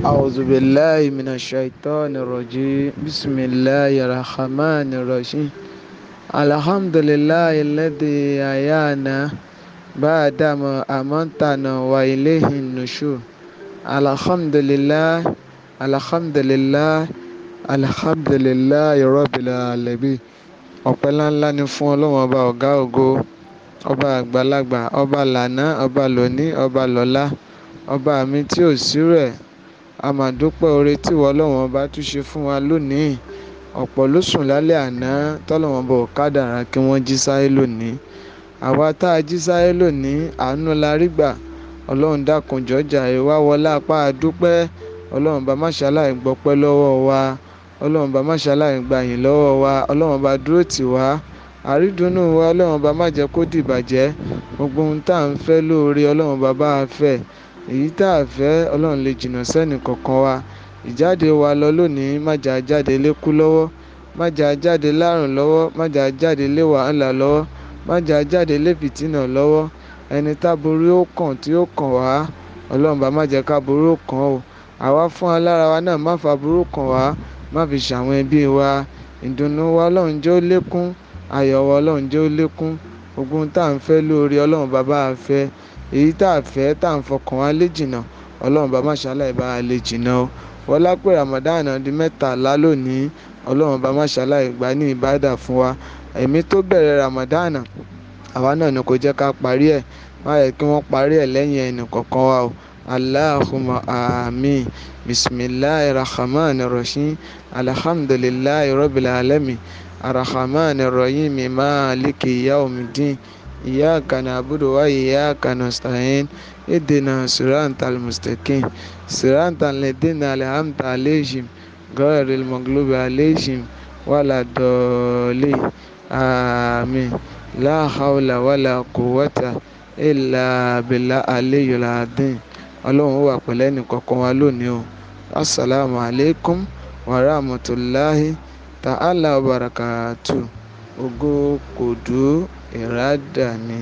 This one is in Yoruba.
أعوذ بالله من الشيطان الرجيم بسم الله الرحمن الرحيم الحمد لله الذي أحيانا بعدما أماتنا وإليه النشور الحمد لله الحمد لله الحمد لله رب العالمين ọpẹ́ ńláńlá ni fún ọlọ́wọ́n ọba ọ̀gá ògo ọba àgbàlagbà ọba lànà ọba lóní ọba lọ́lá ọba mi tí ò sí rẹ̀ a mà dúpẹ́ oore tíwọ ọlọ́run ọba tún ṣe fún wa lónìí ọ̀pọ̀ ló sùn lálẹ́ àná tọ́lọ́run ọba ò kádàrá kí wọ́n jí sáyé lónìí àwa tá a jí sáyé lónìí àánú la rí gbà ọlọ́run dákun jọ̀ọ́jà ìwá wọlé apá àdúpẹ́ ọlọ́run bá máṣáláì gbọ́pẹ́ lọ́wọ́ wa ọlọ́run bá máṣáláì gbàyìn lọ́wọ́ wa ọlọ́run bá dúró tì wá àrídùnnú wa ọlọ́run bá má jẹ́ kó dìbàjẹ́ gbogbo ohun tá à ń fẹ́ lóore ọlọ́run bá bá a fẹ́ èyí tá a fẹ́ ọlọ́run lè jìnnà sẹ́nì kọ̀ọ̀kan wa ìjáde wa lọ lónìí májà jáde lékú lọ́wọ́ májà jáde lárùn lọ́wọ́ májà jáde lé wàhálà lọ́wọ́ májà jáde lé fìtínà lọ́wọ́ ẹni táborí ó kàn tí ó kàn wá ọlọ́run bá má jẹ́ káborí ó kàn o àwa fún alára wa náà má fa burú kàn wá má fi ṣàwọn ẹbí wa ìdùnnú wa ọlọ́run jẹ́ ó lékún ayọ̀ wa ọlọ́run jẹ́ ó lékún ogun tá à ń fẹ́ lóore ọlọ́run bàbá àfẹ́ èyí tá a fẹ́ tá à ń fọkàn wá lé jìnnà ọlọ́run bá má ṣàlàyé bá a lè jìnnà o wọlá Ramadan di mẹ́tàlá lónìí ọlọ́run bá má ṣàlàyé gbà ní ìbádà fún wa ẹ̀mí tó bẹ̀rẹ̀ Ramadan àwa náà ni kò jẹ́ ká parí ẹ̀ má yẹ kí wọ́n parí ẹ̀ lẹ́yìn ẹnì kọ̀ọ̀kan wa o allahumma amin bisimilahi rahman rahim alhamdulilayi rabbil alamin arahman rahim maliki yawmidin. إياك نعبد وإياك نستعين اهدنا صراط المستقيم صراط الذين أنعمت عليهم غير المغلوب عليهم ولا الضالين آمين لا حول ولا قوة إلا بالله علي العظيم ọlọ́run wà pẹ̀lú ẹnì kọ̀ọ̀kan wa lónìí o asalaamualeykum wa rahmatulahi ògo kò dúró ìrádá ni